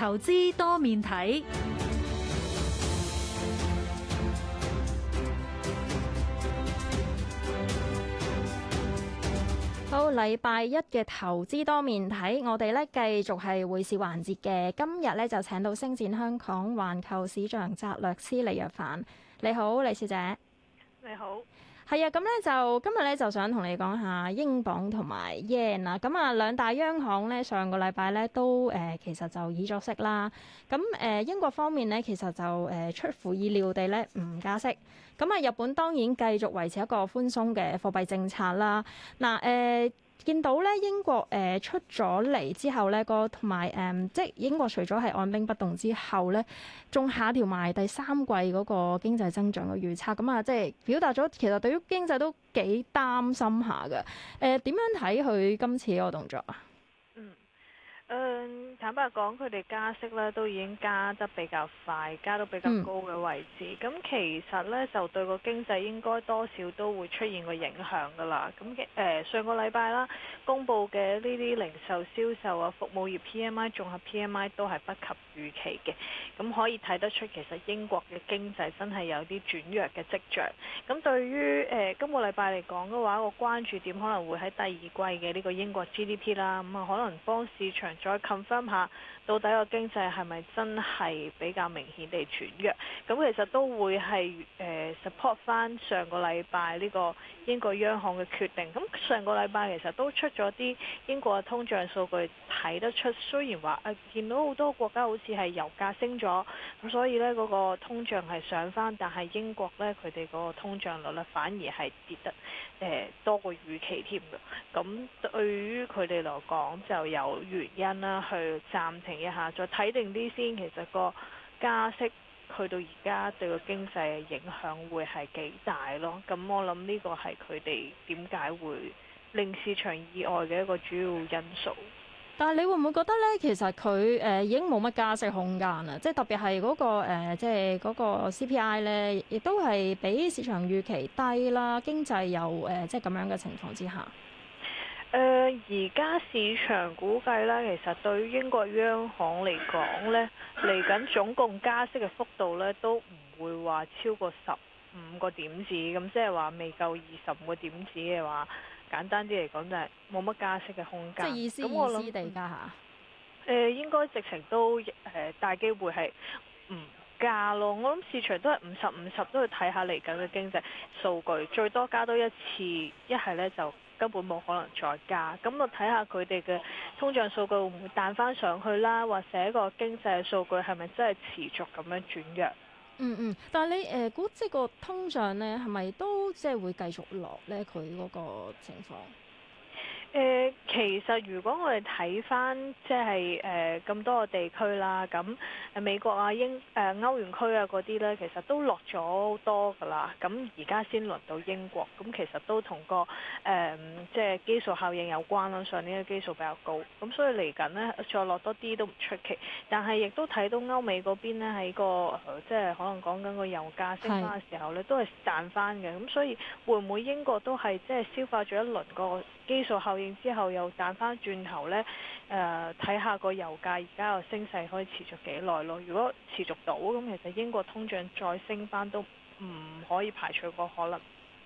投資多面睇，好，禮拜一嘅投資多面睇，我哋咧繼續係匯市環節嘅。今日咧就請到星展香港環球市場策略師李若凡，你好，李小姐，你好。係啊，咁咧就今日咧就想同你講下英鎊同埋 yen 啦。咁啊，兩大央行咧上個禮拜咧都誒、呃、其實就議咗息啦。咁誒、呃、英國方面咧其實就誒、呃、出乎意料地咧唔加息。咁啊日本當然繼續維持一個寬鬆嘅貨幣政策啦。嗱、呃、誒。見到咧英國誒出咗嚟之後咧，個同埋誒，即係英國除咗係按兵不動之後咧，仲下調埋第三季嗰個經濟增長嘅預測，咁、嗯、啊，即係表達咗其實對於經濟都幾擔心下㗎。誒、呃、點樣睇佢今次個動作啊？嗯，誒、uh。坦白講，佢哋加息咧都已經加得比較快，加得比較高嘅位置。咁、嗯、其實咧就對個經濟應該多少都會出現個影響㗎啦。咁誒、呃、上個禮拜啦，公布嘅呢啲零售銷售啊、服務業 PMI、綜合 PMI 都係不及預期嘅。咁可以睇得出，其實英國嘅經濟真係有啲轉弱嘅跡象。咁對於誒、呃、今個禮拜嚟講嘅話，個關注點可能會喺第二季嘅呢個英國 GDP 啦。咁啊，可能幫市場再 confirm 下。到底個經濟係咪真係比較明顯地轉弱？咁其實都會係誒、呃、support 翻上個禮拜呢個英國央行嘅決定。咁上個禮拜其實都出咗啲英國嘅通脹數據，睇得出雖然話誒、啊、見到好多國家好似係油價升咗，咁所以呢嗰、嗰個通脹係上翻，但係英國呢，佢哋嗰個通脹率呢反而係跌得誒、呃、多過預期添㗎。咁對於佢哋嚟講就有原因啦，去。暫停一下，再睇定啲先。其實個加息去到而家對個經濟嘅影響會係幾大咯？咁我諗呢個係佢哋點解會令市場意外嘅一個主要因素。但係你會唔會覺得咧？其實佢誒、呃、已經冇乜加息空間啦。即係特別係嗰個誒，即係嗰個 CPI 咧，亦都係比市場預期低啦。經濟又誒即係咁樣嘅情況之下。誒，而家、呃、市場估計呢，其實對於英國央行嚟講呢，嚟緊總共加息嘅幅度呢，都唔會話超過十五個點子，咁即係話未夠二十五個點子嘅話，簡單啲嚟講就係冇乜加息嘅空間。即係意思，咁我諗。誒、呃，應該直情都誒、呃，大機會係唔加咯。我諗市場都係五十五十，都要睇下嚟緊嘅經濟數據，最多加多一次，一係呢，就。根本冇可能再加，咁我睇下佢哋嘅通脹數據會唔會彈翻上去啦，或者一個經濟數據係咪真係持續咁樣轉弱？嗯嗯，但係你誒、呃，估即係、這個通脹咧係咪都即係會繼續落咧？佢嗰個情況。誒、呃，其實如果我哋睇翻即係誒咁多個地區啦，咁美國啊英、英、呃、誒歐元區啊嗰啲呢，其實都落咗好多㗎啦。咁而家先輪到英國，咁其實都同個誒、呃、即係基數效應有關啦。上年嘅基數比較高，咁所以嚟緊呢，再落多啲都唔出奇。但係亦都睇到歐美嗰邊咧喺個、呃、即係可能講緊個油價升翻嘅時候呢，都係賺翻嘅。咁是所以會唔會英國都係即係消化咗一輪個？基數效應之後又彈翻轉頭呢。誒睇下個油價而家又升勢可以持續幾耐咯。如果持續到，咁其實英國通脹再升翻都唔可以排除個可能。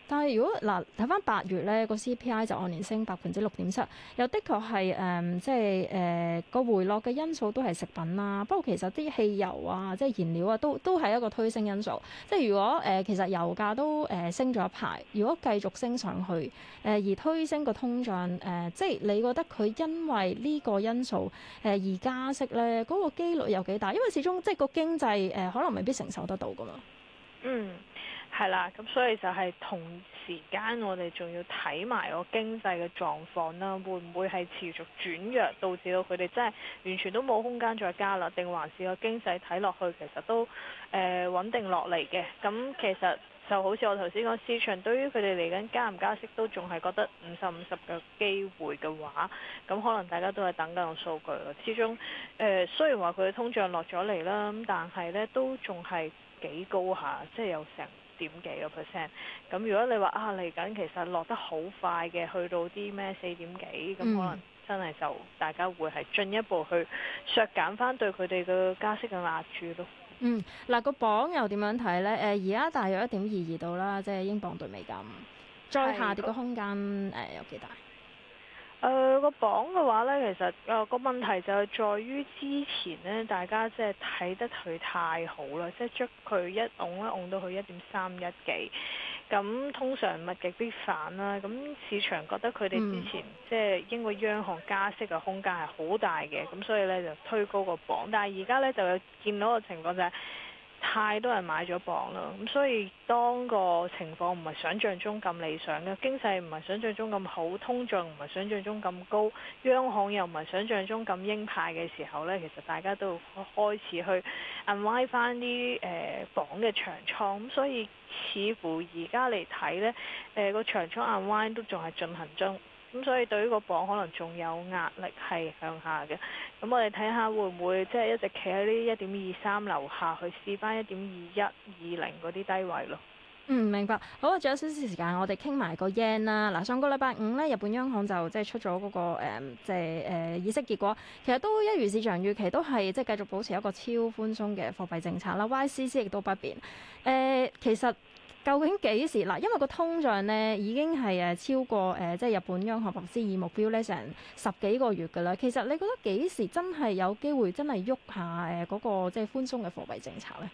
但係如果嗱睇翻八月咧，個 CPI 就按年升百分之六點七，又的確係誒，即係誒個回落嘅因素都係食品啦。不過其實啲汽油啊，即係燃料啊，都都係一個推升因素。即係如果誒其實油價都誒升咗一排，如果繼續升上去誒，而推升個通脹誒，即係你覺得佢因為呢個因素誒而加息咧，嗰個機率有幾大？因為始終即係個經濟誒可能未必承受得到噶嘛。嗯。係啦，咁所以就係同時間，我哋仲要睇埋個經濟嘅狀況啦。會唔會係持續轉弱，導致到佢哋真係完全都冇空間再加啦？定還是個經濟睇落去其實都誒、呃、穩定落嚟嘅？咁其實就好似我頭先講，市場對於佢哋嚟緊加唔加息都仲係覺得五十五十嘅機會嘅話，咁可能大家都係等緊個數據咯。始終誒、呃、雖然話佢嘅通脹落咗嚟啦，咁但係呢都仲係幾高下，即係有成點幾個 percent？咁如果你話啊，嚟緊其實落得好快嘅，去到啲咩四點幾咁，可能真係就大家會係進一步去削減翻對佢哋嘅加息嘅壓住咯。嗯，嗱、那個鎊又點樣睇呢？誒、呃，而家大約一點二二度啦，即係英鎊對美金，再下跌嘅空間誒、呃、有幾大？誒、呃、那個榜嘅話呢，其實誒、呃、那個問題就係在於之前呢，大家即係睇得佢太好啦，即係將佢一㧬啦，㧬到去一點三一幾。咁通常物極必反啦，咁市場覺得佢哋之前即係、嗯、英國央行加息嘅空間係好大嘅，咁所以呢，就推高個榜。但係而家呢，就有見到個情況就係、是。太多人買咗鎊啦，咁所以當個情況唔係想像中咁理想嘅，經濟唔係想像中咁好，通脹唔係想像中咁高，央行又唔係想像中咁鷹派嘅時候呢，其實大家都開始去 unwind 返啲誒鎊嘅長倉，咁所以似乎而家嚟睇呢誒個長倉 unwind 都仲係進行中，咁所以對呢個鎊可能仲有壓力係向下嘅。咁我哋睇下會唔會即係一直企喺呢一點二三樓下去試翻一點二一、二零嗰啲低位咯。嗯，明白。好啊，仲有少少時間，我哋傾埋個 yen 啦。嗱，上個禮拜五咧，日本央行就即係出咗嗰、嗰個誒即係誒議息結果，其實都一如市場預期，都係即係繼續保持一個超寬鬆嘅貨幣政策啦。呃、YCC 亦都不變。誒、呃，其實。究竟幾時嗱？因為個通脹咧已經係誒超過誒即係日本央行百分之二目標咧，成十幾個月㗎啦。其實你覺得幾時真係有機會真係喐下誒嗰個即係寬鬆嘅貨幣政策咧？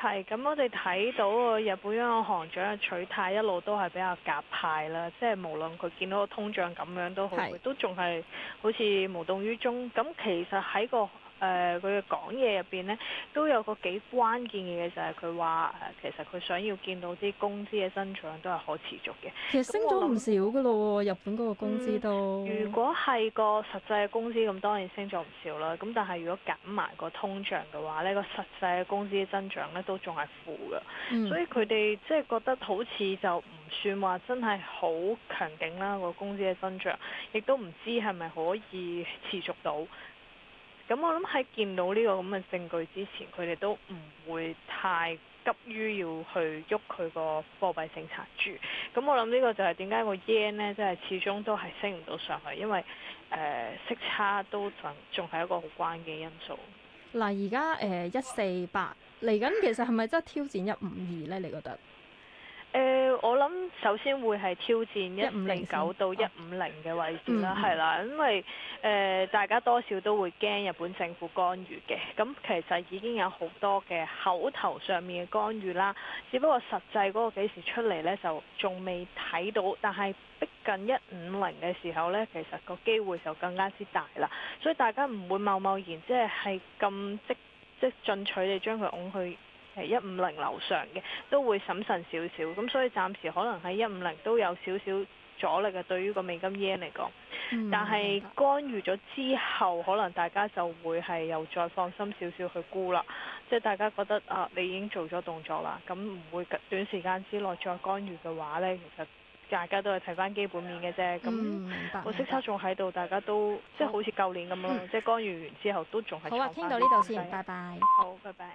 係咁，我哋睇到個日本央行行長嘅取態一路都係比較鴿派啦，即係無論佢見到個通脹咁樣都好，都仲係好似無動於衷。咁其實喺個誒佢嘅講嘢入邊呢，都有個幾關鍵嘅嘢就係佢話誒，其實佢想要見到啲工資嘅增長都係可持續嘅。其實升咗唔少噶咯喎，日本嗰個工資都、嗯。如果係個實際嘅工資咁，當然升咗唔少啦。咁但係如果減埋個通脹嘅話呢、個實際嘅工資嘅增長咧都仲係負嘅。嗯、所以佢哋即係覺得好似就唔算話真係好強勁啦，個工資嘅增長，亦都唔知係咪可以持續到。咁、嗯、我諗喺見到呢個咁嘅證據之前，佢哋都唔會太急於要去喐佢個貨幣政策住。咁、嗯、我諗呢個就係點解個 yen 咧，即、就、係、是、始終都係升唔到上去，因為誒息、呃、差都仲仲係一個好關鍵因素。嗱而家誒一四八嚟緊，呃、1, 4, 8, 其實係咪真係挑戰一五二呢？你覺得？誒、呃。我諗首先會係挑戰一五零九到一五零嘅位置啦，係啦、oh. mm hmm.，因為誒、呃、大家多少都會驚日本政府干預嘅，咁其實已經有好多嘅口頭上面嘅干預啦，只不過實際嗰個幾時出嚟呢，就仲未睇到，但係逼近一五零嘅時候呢，其實個機會就更加之大啦，所以大家唔會貿貿然即係係咁即即進取地將佢拱去。係一五零樓上嘅，都會審慎少少，咁所以暫時可能喺一五零都有少少阻力嘅，對於個美金 yen 嚟講，嗯、但係干預咗之後，可能大家就會係又再放心少少去沽啦。即係大家覺得啊，你已經做咗動作啦，咁唔會短時間之內再干預嘅話呢，其實大家都係睇翻基本面嘅啫。咁、嗯、個息差仲喺度，大家都即係好似舊年咁咯。即係好干預完之後都仲係好啊！傾到呢度先，拜拜。好，拜拜。